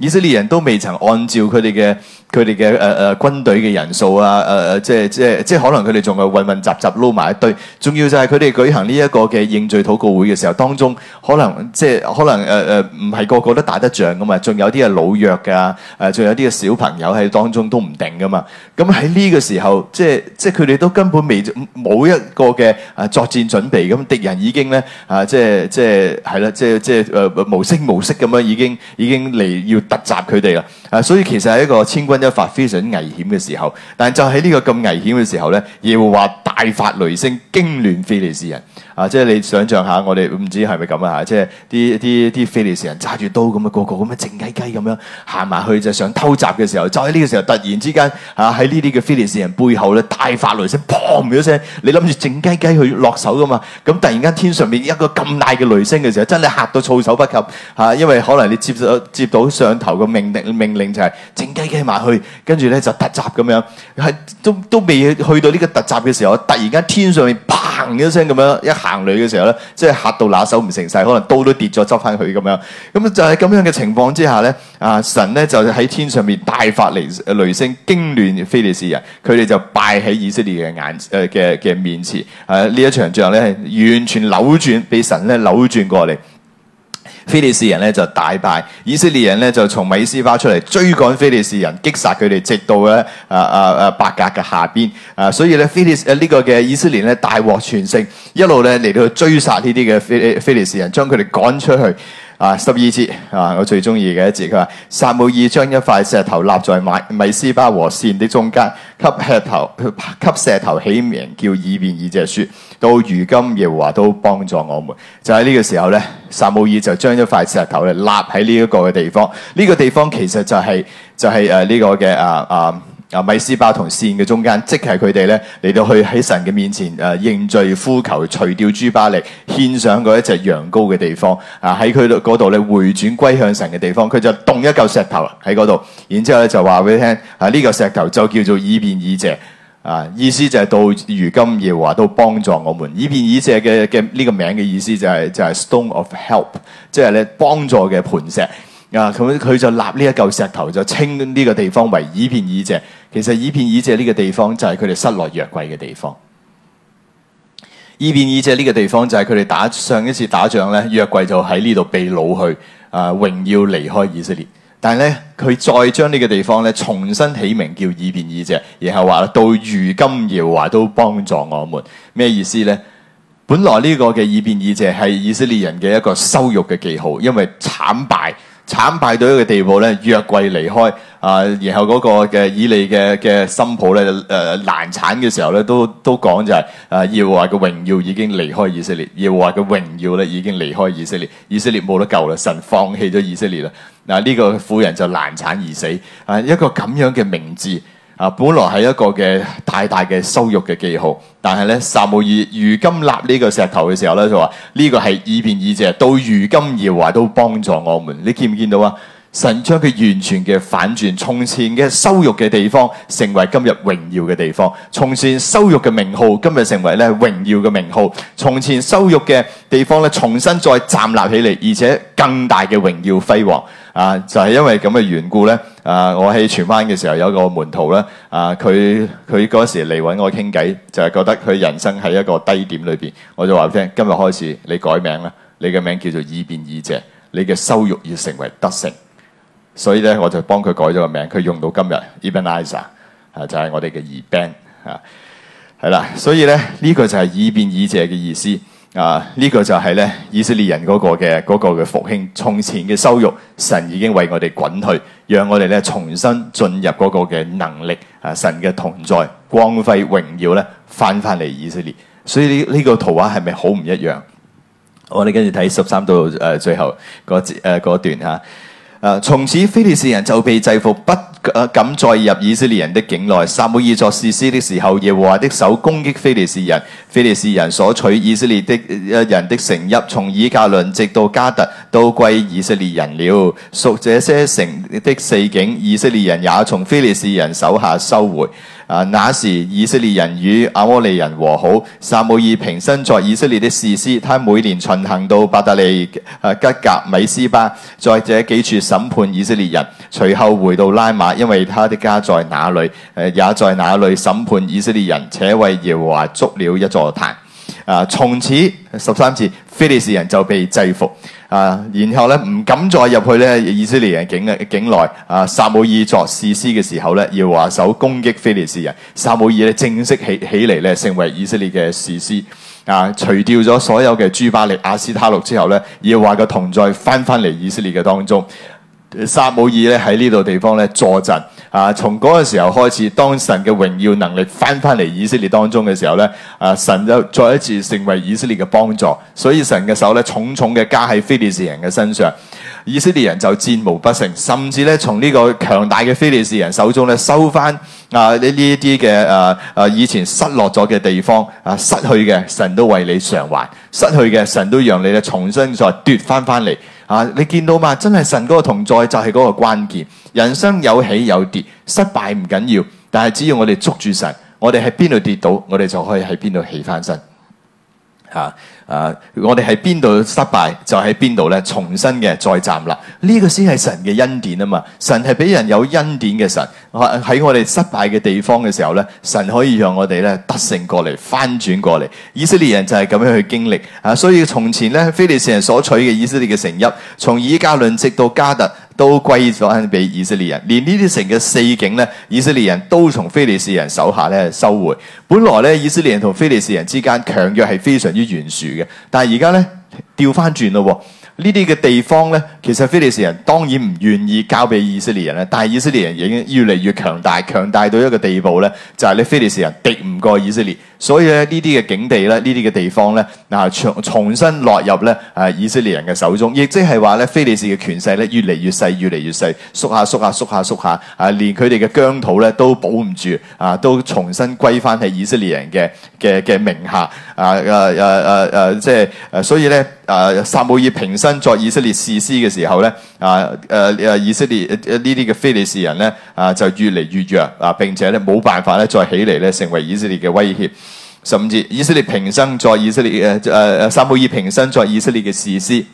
以色列人都未曾按照佢哋嘅佢哋嘅誒誒軍隊嘅人數啊誒誒即係即係即係可能佢哋仲係混混雜雜撈埋一堆，仲要就係佢哋舉行呢一個嘅認罪禱告會嘅時候，當中可能即係可能誒誒唔係個個都打得仗噶嘛，仲有啲係老弱噶，誒仲有啲嘅小朋友喺當中都唔定噶嘛。咁喺呢個時候，即係即係佢哋都根本未冇一個嘅誒作戰準備，咁敵人已經咧啊即係即係係啦，即係即係誒無聲無息咁樣已經已經嚟要密集佢哋啊。 啊，所以其實係一個千鈞一髮非常危險嘅時候，但係就喺呢個咁危險嘅時候咧，耶和華大發雷聲，驚亂非利士人。啊，即係你想象下，我哋唔知係咪咁啊嚇，即係啲啲啲非利士人揸住刀咁啊，個個咁啊靜雞雞咁樣行埋去就想偷襲嘅時候，就喺呢個時候突然之間啊喺呢啲嘅非利士人背後咧大發雷聲，砰一聲，你諗住靜雞雞去落手噶嘛？咁突然間天上面一個咁大嘅雷聲嘅時候，真係嚇到措手不及嚇，因為可能你接受接到上頭嘅命令命令。就係靜雞雞埋去，跟住咧就突襲咁樣，係都都未去到呢個突襲嘅時候，突然間天上面砰一聲咁樣一行雷嘅時候咧，即係吓到拿手唔成勢，可能刀都跌咗執翻佢咁樣。咁就係咁樣嘅情況之下咧，啊神咧就喺天上面大發雷雷聲，驚亂非利士人，佢哋就敗喺以色列嘅眼誒嘅嘅面前。誒、啊、呢一場仗咧完全扭轉，俾神咧扭轉過嚟。菲利士人咧就大敗，以色列人呢就從米斯巴出嚟追趕菲利士人，擊殺佢哋，直到咧啊啊啊伯格嘅下邊啊，所以咧菲利誒呢、啊這個嘅以色列咧大獲全勝，一路咧嚟到追殺呢啲嘅菲菲利士人，將佢哋趕出去。啊，十二節啊，我最中意嘅一節，佢話撒母耳將一塊石頭立在米米斯巴和善的中間，給石頭給石頭起名叫以便以謝，到如今耶和華都幫助我們。就喺呢個時候咧，撒母耳就將一塊石頭咧立喺呢一個嘅地方，呢、這個地方其實就係、是、就係誒呢個嘅啊啊。這個啊、米斯巴同善嘅中間，即係佢哋咧嚟到去喺神嘅面前誒、啊、認罪呼求，除掉諸巴力，獻上嗰一隻羊羔嘅地方。啊，喺佢嗰度咧回轉歸向神嘅地方，佢就動一嚿石頭喺嗰度，然之後咧就話俾你聽啊，呢、這、嚿、個、石頭就叫做以便以謝。啊，意思就係到如今耶和華都幫助我們，以便以謝嘅嘅呢個名嘅意思就係、是、就係、是、stone of help，即係咧幫助嘅磐石。啊，咁佢、嗯、就立呢一嚿石頭就稱呢個地方為以便以謝。其實以便以謝呢個地方就係佢哋失落約櫃嘅地方。以便以謝呢個地方就係佢哋打上一次打仗咧，約櫃就喺呢度被擄去啊，榮耀離開以色列。但係呢，佢再將呢個地方咧重新起名叫以便以謝，然後話到如今，耶和華都幫助我們，咩意思呢？本來呢個嘅以便以謝係以色列人嘅一個羞辱嘅記號，因為慘敗。慘敗到一個地步咧，約櫃離開啊、呃，然後嗰個嘅以利嘅嘅新抱咧，誒、呃、難產嘅時候咧，都都講就係、是、啊、呃，要話個榮耀已經離開以色列，要話個榮耀咧已經離開以色列，以色列冇得救啦，神放棄咗以色列啦，嗱、呃、呢、這個婦人就難產而死，啊、呃、一個咁樣嘅名字。本來係一個嘅大大嘅羞辱嘅記號，但係咧，撒母耳如今立呢個石頭嘅時候咧，就話呢、這個係以便以謝，到如今耶和華都幫助我們。你見唔見到啊？神將佢完全嘅反轉，從前嘅羞辱嘅地方，成為今日榮耀嘅地方；從前羞辱嘅名號，今日成為咧榮耀嘅名號；從前羞辱嘅地方咧，重新再站立起嚟，而且更大嘅榮耀輝煌。啊，就係、是、因為咁嘅緣故呢，啊，我喺荃灣嘅時候有個門徒咧，啊，佢佢嗰時嚟揾我傾偈，就係、是、覺得佢人生喺一個低點裏邊，我就話佢聽，今日開始你改名啦，你嘅名叫做以便以謝，你嘅羞辱要成為得勝，所以呢，我就幫佢改咗個名，佢用到今日，Ebenezer，、bon、啊就係我哋嘅 Eben，啊，係啦，所以呢，呢、這個就係以便以謝嘅意思。啊！呢、這個就係咧以色列人嗰個嘅嗰、那個嘅復興，從前嘅羞辱，神已經為我哋滾去，讓我哋咧重新進入嗰個嘅能力啊！神嘅同在、光輝、榮耀呢翻翻嚟，以色列，所以呢、這、呢、個這個圖畫係咪好唔一樣？我哋跟住睇十三到誒最後嗰、那個、節誒、那個、段吓。啊誒，從此非利士人就被制服，不敢再入以色列人的境內。撒母耳作士師的時候，耶和華的手攻擊非利士人，非利士人所取以色列的人的城邑，從以加倫直到加特，都歸以色列人了。屬這些城的四境，以色列人也從非利士人手下收回。啊！那時以色列人與亞摩利人和好。撒母耳平生在以色列的士師，他每年巡行到伯特利、啊，吉甲、米斯巴，在這幾處審判以色列人。隨後回到拉馬，因為他的家在那裏，誒、啊、也在那裏審判以色列人，且為耶和華築了一座壇。啊！從此十三次非利士人就被制服。啊，然後咧唔敢再入去咧以色列嘅境境內。啊，撒母耳作士師嘅時候咧，要華手攻擊非利士人。撒母耳咧正式起起嚟咧，成為以色列嘅士師。啊，除掉咗所有嘅諸巴力、亞斯他錄之後咧，要華嘅同在翻返嚟以色列嘅當中。撒母耳咧喺呢度地方咧坐陣。啊！從嗰個時候開始，當神嘅榮耀能力翻翻嚟以色列當中嘅時候咧，啊！神就再一次成為以色列嘅幫助，所以神嘅手咧重重嘅加喺菲利士人嘅身上，以色列人就戰無不勝，甚至呢，從呢個強大嘅菲利士人手中咧收翻啊呢呢啲嘅啊啊以前失落咗嘅地方啊失去嘅神都為你償還，失去嘅神都讓你咧重新再奪翻翻嚟。啊！你見到嘛？真係神嗰個同在就係嗰個關鍵。人生有起有跌，失敗唔緊要，但係只要我哋捉住神，我哋喺邊度跌倒，我哋就可以喺邊度起翻身。嚇、啊！啊！Uh, 我哋喺邊度失敗就喺邊度咧，重新嘅再站立，呢、這個先係神嘅恩典啊！嘛，神係俾人有恩典嘅神，喺、啊、我哋失敗嘅地方嘅時候咧，神可以讓我哋咧得勝過嚟，翻轉過嚟。以色列人就係咁樣去經歷啊！所以從前咧，非利士人所取嘅以色列嘅城邑，從以革倫直到迦特。都歸咗翻俾以色列人，連呢啲城嘅四境呢，以色列人都從非利士人手下咧收回。本來咧，以色列人同非利士人之間強弱係非常之懸殊嘅，但係而家呢，調翻轉咯。呢啲嘅地方呢，其實非利士人當然唔願意交俾以色列人咧，但係以色列人已經越嚟越強大，強大到一個地步呢，就係、是、你非利士人敵唔過以色列。所以咧，呢啲嘅境地咧，呢啲嘅地方咧，嗱，重重新落入咧啊以色列人嘅手中，亦即係話咧，非利士嘅權勢咧越嚟越細越嚟越細，縮下縮下縮下縮下，縮下啊！連佢哋嘅疆土咧都保唔住啊！都重新歸翻喺以色列人嘅嘅嘅名下啊！誒誒誒誒，即係所以咧啊，撒母耳平生作以色列士師嘅時候咧啊誒誒、啊啊、以色列呢啲嘅非利士人咧啊就越嚟越弱啊，並且咧冇辦法咧再起嚟咧成為以色列嘅威脅。十五節，以色列平生在以色列嘅誒誒，撒母耳平生在以色列嘅士師，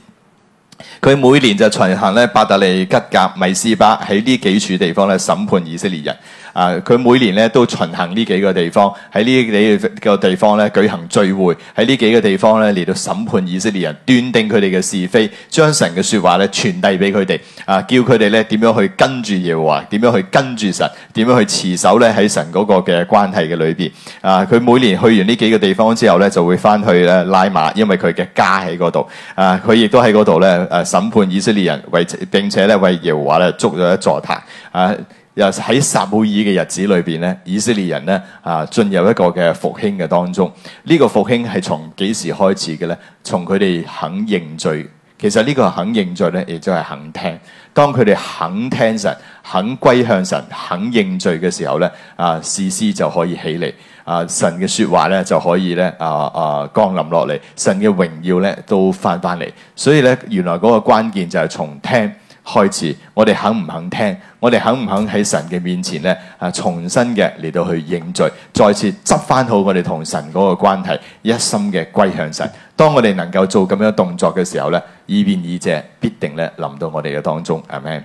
佢每年就巡行咧，伯特利、吉甲、米斯巴，喺呢幾處地方咧，審判以色列人。啊！佢每年咧都巡行呢幾個地方，喺呢幾個地方咧舉行聚會，喺呢幾個地方咧嚟到審判以色列人，斷定佢哋嘅是非，將神嘅説話咧傳遞俾佢哋啊！叫佢哋咧點樣去跟住耶和華，點樣去跟住神，點樣去持守咧喺神嗰個嘅關係嘅裏邊啊！佢每年去完呢幾個地方之後咧，就會翻去咧拉馬，因為佢嘅家喺嗰度啊！佢亦都喺嗰度咧誒審判以色列人，為並且咧為耶和華咧築咗一座壇啊！又喺撒母耳嘅日子裏邊咧，以色列人咧啊進入一個嘅復興嘅當中。呢個復興係從幾時開始嘅咧？從佢哋肯認罪。其實呢個係肯認罪咧，亦都係肯聽。當佢哋肯聽神、肯歸向神、肯認罪嘅時候咧，啊，士師就可以起嚟。啊，神嘅說話咧就可以咧啊啊降臨落嚟。神嘅榮耀咧都翻翻嚟。所以咧，原來嗰個關鍵就係從聽開始，我哋肯唔肯聽？我哋肯唔肯喺神嘅面前咧啊，重新嘅嚟到去認罪，再次執翻好我哋同神嗰個關係，一心嘅歸向神。當我哋能夠做咁樣動作嘅時候呢，以便以謝必定咧臨到我哋嘅當中。阿門。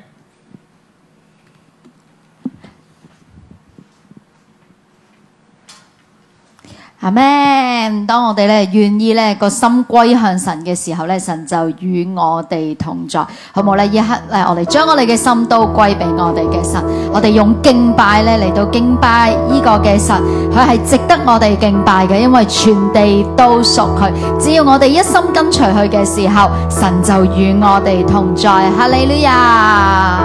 係咩？當我哋咧願意咧個心歸向神嘅時候咧，神就與我哋同在，好冇？呢一刻，我哋將我哋嘅心都歸俾我哋嘅神，我哋用敬拜咧嚟到敬拜呢個嘅神，佢係值得我哋敬拜嘅，因為全地都屬佢，只要我哋一心跟隨佢嘅時候，神就與我哋同在。哈利路亞！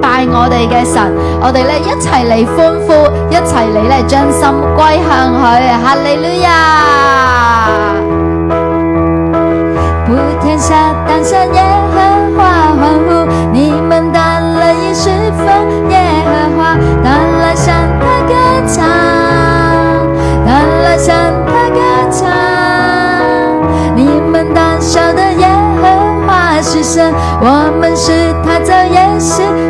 拜我哋嘅神，我哋咧一齊嚟歡呼，一齊嚟咧將心歸向佢，哈利路亞！普天下當向耶和華歡呼，你們當樂意事奉，耶和華，當來向他歌唱，當來向他歌唱，你們當曉得耶和華是神，我們是他走也是。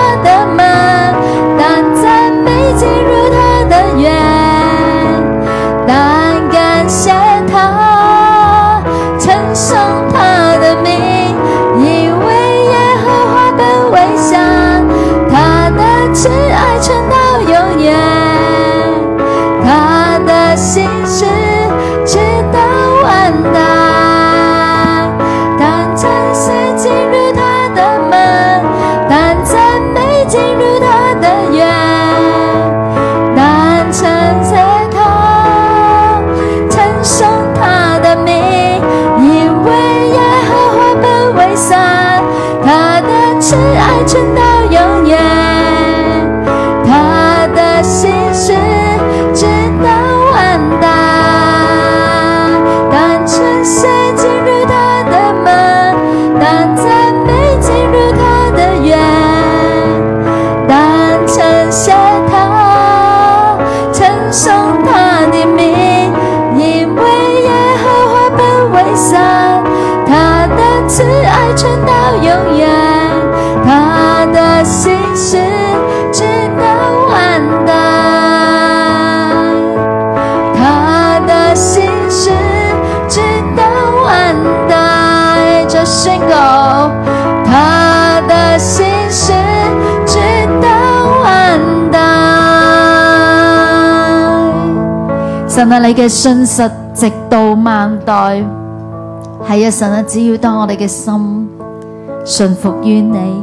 但你嘅信實直到萬代，係一神啊！只要當我哋嘅心信服於你，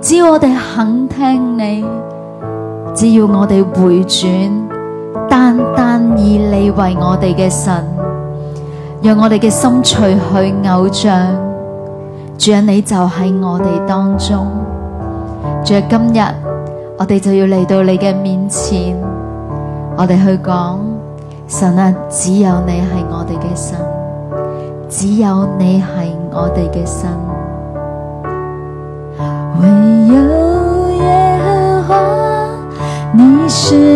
只要我哋肯聽你，只要我哋回轉，單單以你為我哋嘅神，讓我哋嘅心除去偶像，主啊，你就喺我哋當中。主啊，今日我哋就要嚟到你嘅面前，我哋去講。神啊，只有你係我哋嘅神，只有你係我哋嘅神，唯有耶和華，你是。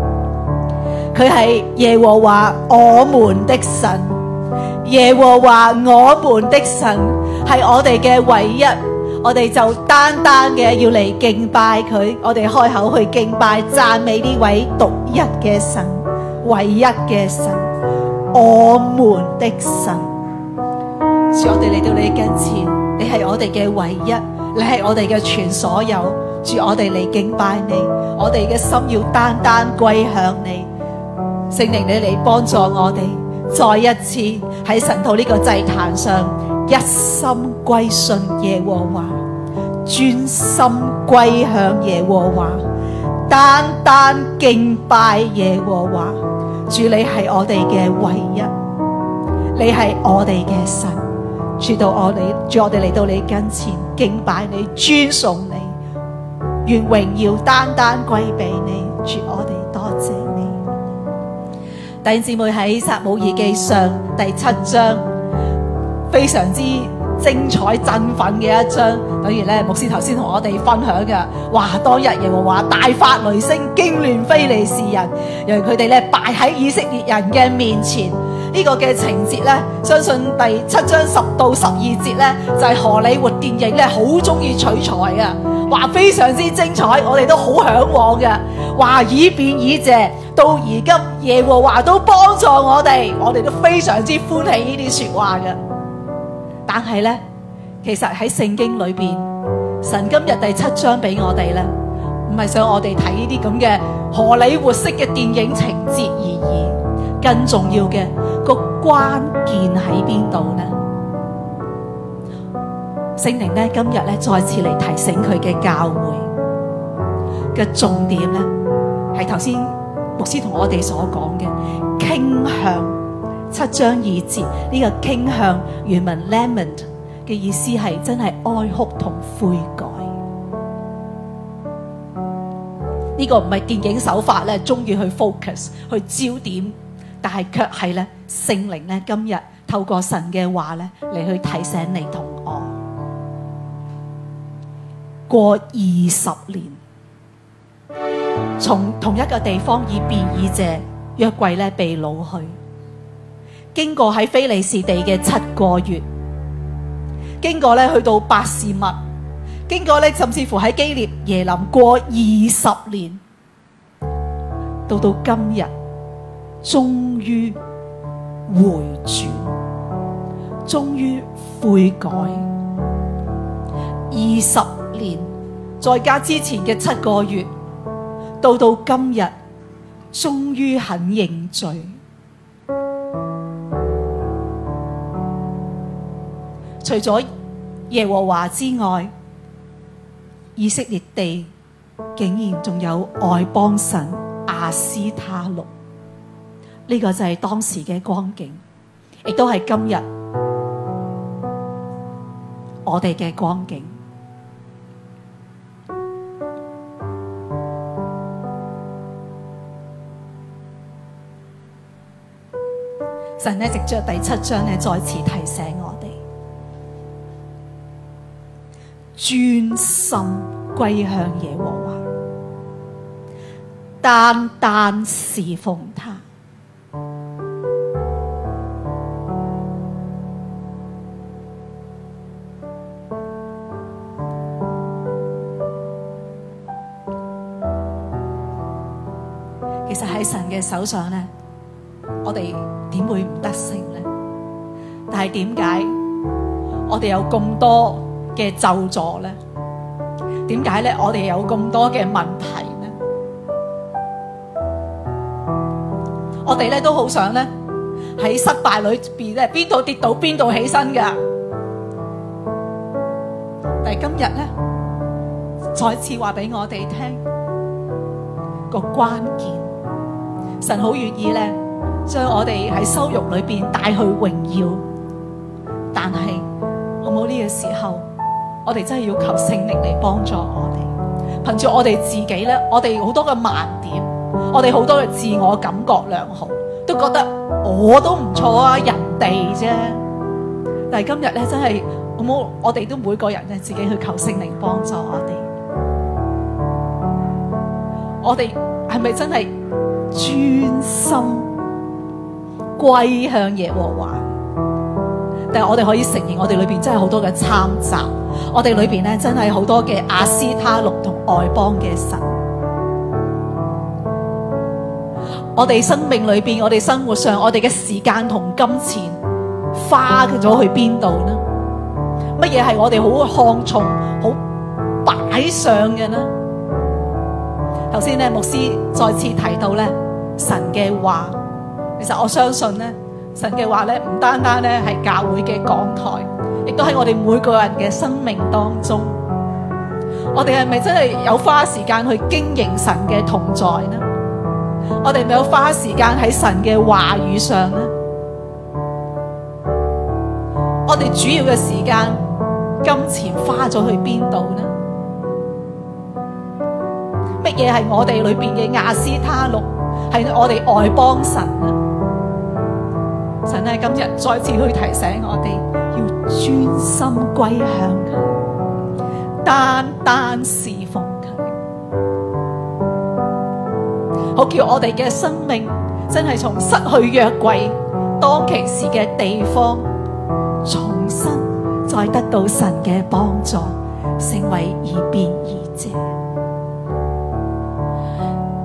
佢係耶和華我們的神，耶和華我們的神係我哋嘅唯一，我哋就單單嘅要嚟敬拜佢。我哋開口去敬拜讚美呢位獨一嘅神，唯一嘅神，我們的神。主我哋嚟到你嘅跟前，你係我哋嘅唯一，你係我哋嘅全所有。主我哋嚟敬拜你，我哋嘅心要單單歸向你。聖靈你嚟幫助我哋，再一次喺神台呢個祭壇上，一心歸順耶和華，專心歸向耶和華，單單敬拜耶和華。主你係我哋嘅唯一，你係我哋嘅神。主到我哋，主我哋嚟到你跟前敬拜你，尊崇你，願榮耀單單歸畀你。主我哋多謝。弟兄姊妹喺撒母耳記上第七章，非常之精彩振奮嘅一章。等於咧牧師頭先同我哋分享嘅，哇！當日耶和華大發雷聲，驚亂非利士人，讓佢哋咧敗喺以色列人嘅面前。呢、這個嘅情節咧，相信第七章十到十二節咧，就係、是、荷里活電影咧好中意取材嘅，話非常之精彩，我哋都好向往嘅。話以便以謝。到而今耶和華都幫助我哋，我哋都非常之歡喜呢啲說話嘅。但係咧，其實喺聖經裏邊，神今日第七章俾我哋咧，唔係想我哋睇呢啲咁嘅荷里活式嘅電影情節而已。更重要嘅個關鍵喺邊度呢？聖靈咧今日咧再次嚟提醒佢嘅教會嘅重點咧，係頭先。牧師同我哋所講嘅傾向七章二節呢、這個傾向原文 Lament 嘅意思係真係哀哭同悔改。呢、這個唔係電影手法咧，中意去 focus 去焦點，但係卻係咧聖靈咧今日透過神嘅話咧嚟去提醒你同我過二十年。從同一個地方以便以謝，約櫃咧被擄去，經過喺非利士地嘅七個月，經過咧去到伯示麥，經過咧甚至乎喺基列耶琳過二十年，到到今日終於回轉，終於悔改，二十年再加之前嘅七個月。到到今日，終於肯認罪。除咗耶和華之外，以色列地竟然仲有外邦神亞斯他錄。呢、這個就係當時嘅光景，亦都係今日我哋嘅光景。神咧，藉着第七章咧，再次提醒我哋專心歸向耶和華，單單侍奉他。其實喺神嘅手上呢，我哋。點會唔得勝咧？但係點解我哋有咁多嘅救助咧？點解咧？我哋有咁多嘅問題咧？我哋咧都好想咧喺失敗裏邊咧，邊度跌倒邊度起身噶。但係今日咧，再次話俾我哋聽個關鍵，神好願意咧。將我在我哋喺羞辱裏邊帶去榮耀，但係我冇呢個時候，我哋真係要求聖靈嚟幫助我哋。憑住我哋自己咧，我哋好多嘅盲點，我哋好多嘅自我感覺良好，都覺得我都唔錯啊，人哋啫。但係今日咧，真係我冇，我哋都每個人咧自己去求聖靈幫助我哋。我哋係咪真係專心？歸向耶和華，但係我哋可以承認我面，我哋裏邊真係好多嘅參雜，我哋裏邊咧真係好多嘅亞斯他錄同外邦嘅神。我哋生命裏邊，我哋生活上，我哋嘅時間同金錢花咗去邊度呢？乜嘢係我哋好看重、好擺上嘅呢？頭先咧，牧師再次提到咧神嘅話。其實我相信咧，神嘅話咧唔單單咧係教會嘅講台，亦都喺我哋每個人嘅生命當中。我哋係咪真係有花時間去經營神嘅同在呢？我哋咪有花時間喺神嘅話語上呢？我哋主要嘅時間金錢花咗去邊度呢？乜嘢係我哋裏邊嘅亞斯他錄？係我哋外邦神啊？神喺今日再次去提醒我哋要專心歸向佢，單單侍奉佢。好叫我哋嘅生命真係從失去約櫃當其時嘅地方，重新再得到神嘅幫助，成為以便以謝。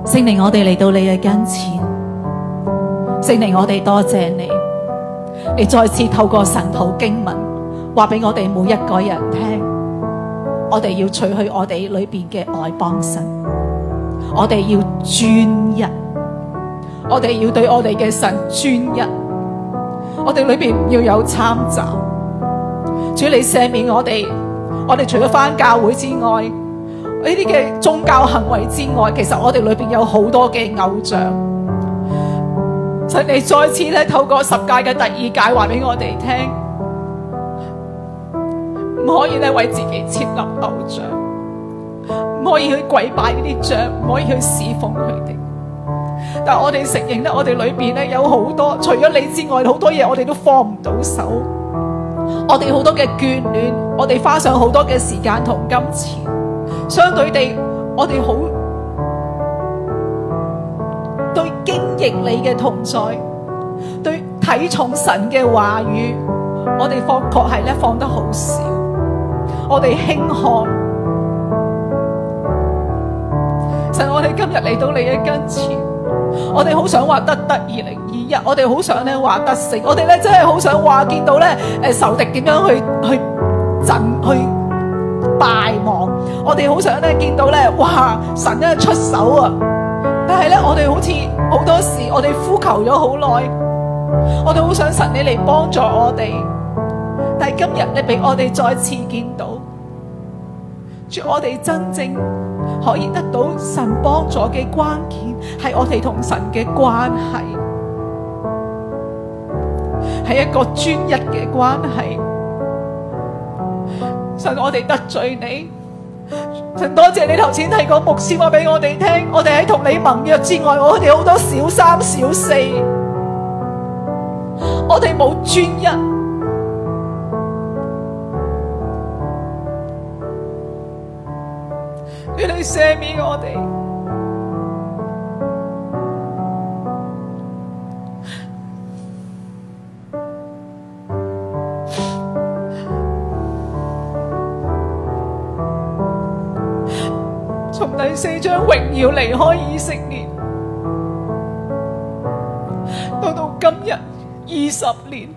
聖靈，我哋嚟到你嘅跟前，聖靈，我哋多謝你。你再次透過神徒經文，話俾我哋每一個人聽，我哋要除去我哋裏邊嘅外邦神，我哋要專一，我哋要對我哋嘅神專一，我哋裏邊要有參雜。主你赦免我哋，我哋除咗返教會之外，呢啲嘅宗教行為之外，其實我哋裏邊有好多嘅偶像。請你再次咧，透過十誡嘅第二誡，話俾我哋聽，唔 可以咧為自己設立偶像，唔可以去跪拜呢啲像，唔可以去侍奉佢哋。但係我哋承認咧，我哋裏邊咧有好多，除咗你之外，好多嘢，我哋都放唔到手，我哋好多嘅眷戀，我哋花上好多嘅時間同金錢，相對地，我哋好。經營你嘅同在，對體重神嘅話語，我哋放確係咧放得好少，我哋輕看。神，我哋今日嚟到你嘅跟前，我哋好想話得得二零二一，我哋好想咧話得勝，我哋咧真係好想話見到咧誒仇敵點樣去去震去敗亡，我哋好想咧見到咧，哇！神一出手啊！但係咧，我哋好似好多時，我哋呼求咗好耐，我哋好想神你嚟幫助我哋。但係今日你俾我哋再次見到，祝我哋真正可以得到神幫助嘅關鍵，係我哋同神嘅關係，係一個專一嘅關係。神，我哋得罪你。神，多謝你頭先提過牧師話俾我哋聽，我哋喺同你盟約之外，我哋好多小三小四，我哋冇專一，你哋赦免我哋。四張榮耀離開以色列，到到今日二十年，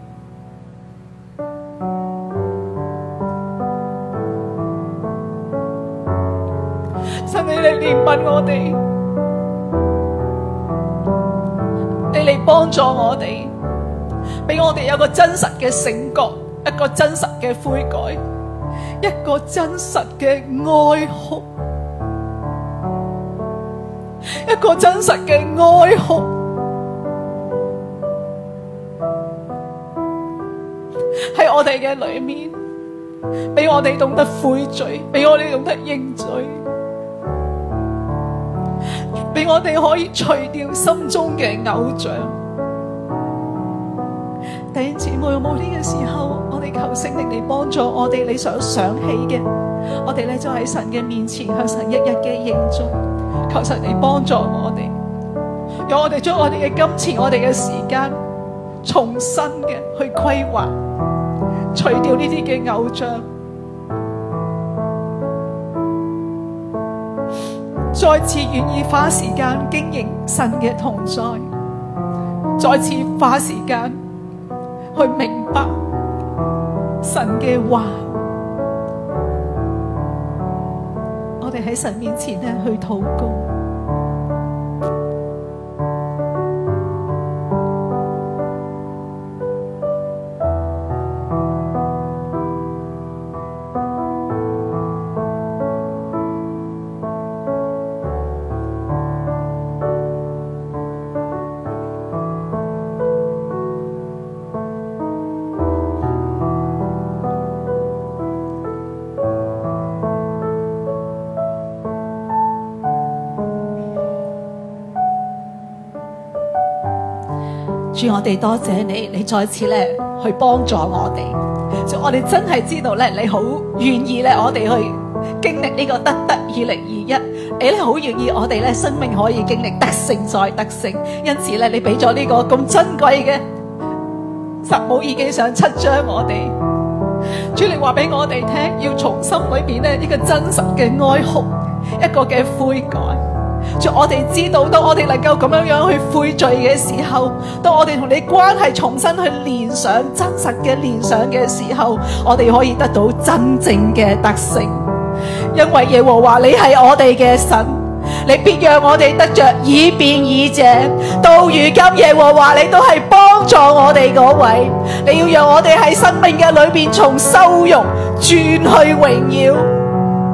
神你嚟憐憫我哋，你嚟幫助我哋，俾我哋有個真實嘅醒覺，一個真實嘅悔改，一個真實嘅哀哭。一個真實嘅哀哭喺我哋嘅裏面，俾我哋懂得悔罪，俾我哋懂得認罪，俾我哋可以除掉心中嘅偶像。弟兄姊妹有冇呢個時候？我哋求聖靈嚟幫助我哋，你想想起嘅。我哋咧就喺神嘅面前向神一日嘅認罪，求神嚟幫助我哋，讓我哋將我哋嘅金錢、我哋嘅時間重新嘅去規劃，除掉呢啲嘅偶像，再次願意花時間經營神嘅同在，再次花時間去明白神嘅話。在神面前呢，去禱告。我哋多謝你，你再次咧去幫助我哋，所以我哋真係知道咧，你好願意咧，我哋去經歷呢個得得二零二一，誒咧好願意我哋咧生命可以經歷得勝再得勝，因此咧你俾咗呢個咁珍貴嘅《撒母耳記上》七章，我哋主，你話俾我哋聽，要從心裏邊咧呢個真實嘅哀哭，一個嘅悔改。我哋知道，當我哋能夠咁樣樣去悔罪嘅時候，當我哋同你關係重新去連想真實嘅連想嘅時候，我哋可以得到真正嘅得勝。因為耶和華你係我哋嘅神，你必讓我哋得着以便以謝。到如今耶和華你都係幫助我哋嗰位，你要讓我哋喺生命嘅裏邊從羞辱轉去榮耀。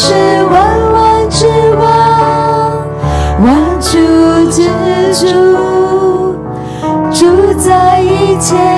是萬萬之王，萬主之主，主宰一切。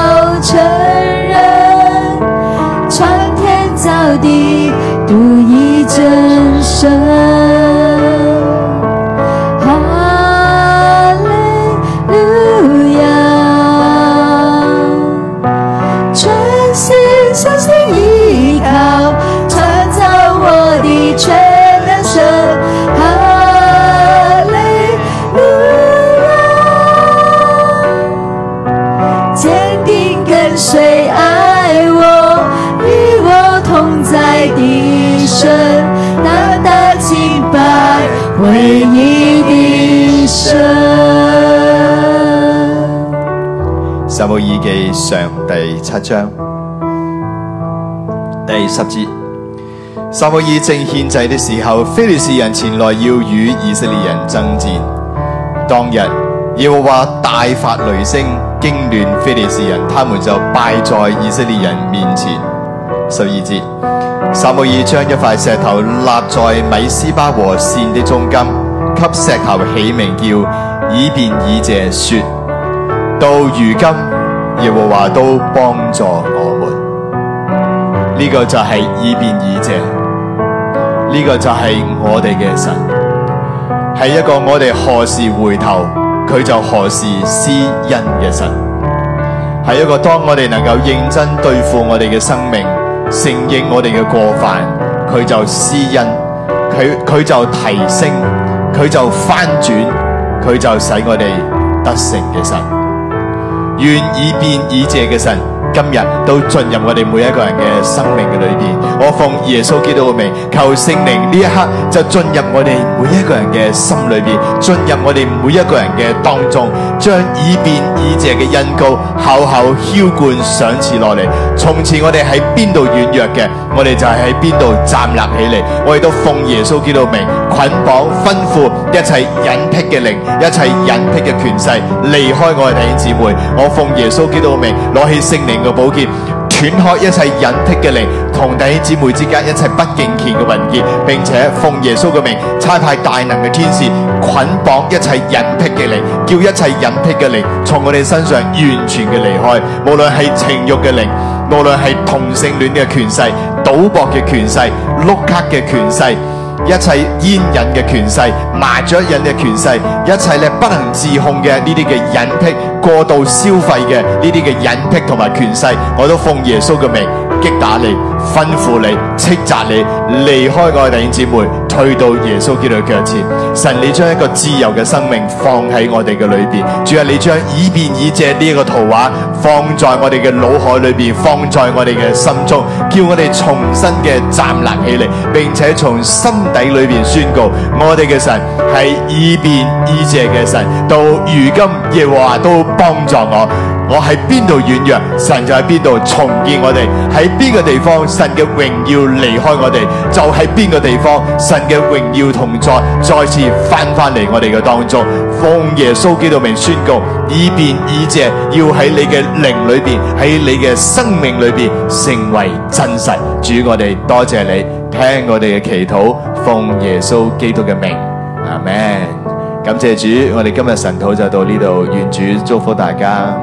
章第十節，撒母耳正獻祭的時候，菲利士人前來要與以色列人爭戰。當日要和大發雷聲，驚亂菲利士人，他們就敗在以色列人面前。十二節，撒母耳將一塊石頭立在米斯巴和善的中間，給石頭起名叫以便以謝，說到如今。耶和華都幫助我們，呢、這個就係以便以謝，呢、這個就係我哋嘅神，係一個我哋何時回頭，佢就何時施恩嘅神，係一個當我哋能夠認真對付我哋嘅生命，承認我哋嘅過犯，佢就施恩，佢佢就提升，佢就翻轉，佢就使我哋得勝嘅神。.願意變以謝嘅神，今日都進入我哋每一個人嘅生命嘅裏邊，我奉耶穌基督嘅名，求聖靈呢一刻就進入我哋每一個人嘅心裏邊，進入我哋每一個人嘅當中，將以便以謝嘅恩膏厚厚澆灌賞賜落嚟。從此我哋喺邊度軟弱嘅，我哋就喺邊度站立起嚟。我哋都奉耶穌基督嘅名捆綁吩咐一切隱辟嘅靈，一切隱辟嘅權勢離開我哋弟兄姊妹。我奉耶穌基督嘅名攞起聖靈。嘅寶劍，斷開一切隱僻嘅靈，同弟兄姊妹之間一切不敬虔嘅云結，並且奉耶穌嘅名差派大能嘅天使捆綁一切隱僻嘅靈，叫一切隱僻嘅靈從我哋身上完全嘅離開。無論係情欲嘅靈，無論係同性戀嘅權勢、賭博嘅權勢、碌卡嘅權勢。一切煙癮嘅權勢、麻將癮嘅權勢，一切不能自控嘅呢啲嘅癮癖，過度消費嘅呢啲嘅癮癖同埋權勢，我都奉耶穌嘅名擊打你、吩咐你、斥責你，離開我嘅弟兄姊妹。去到耶穌基督腳前，神你將一個自由嘅生命放喺我哋嘅裏邊，主啊你將以便以謝呢一、這個圖畫放在我哋嘅腦海裏邊，放在我哋嘅心中，叫我哋重新嘅站立起嚟，並且從心底裏邊宣告：我哋嘅神係以便以謝嘅神，到如今耶和華都幫助我。我喺邊度軟弱，神就喺邊度重建我哋；喺邊個地方神嘅榮耀離開我哋，就喺邊個地方神嘅榮耀同在，再次返返嚟我哋嘅當中。奉耶穌基督名宣告，以便以謝，要喺你嘅靈裏邊，喺你嘅生命裏邊成為真實。主我哋多謝你，聽我哋嘅祈禱，奉耶穌基督嘅名，阿門。感謝主，我哋今日神禱就到呢度，願主祝福大家。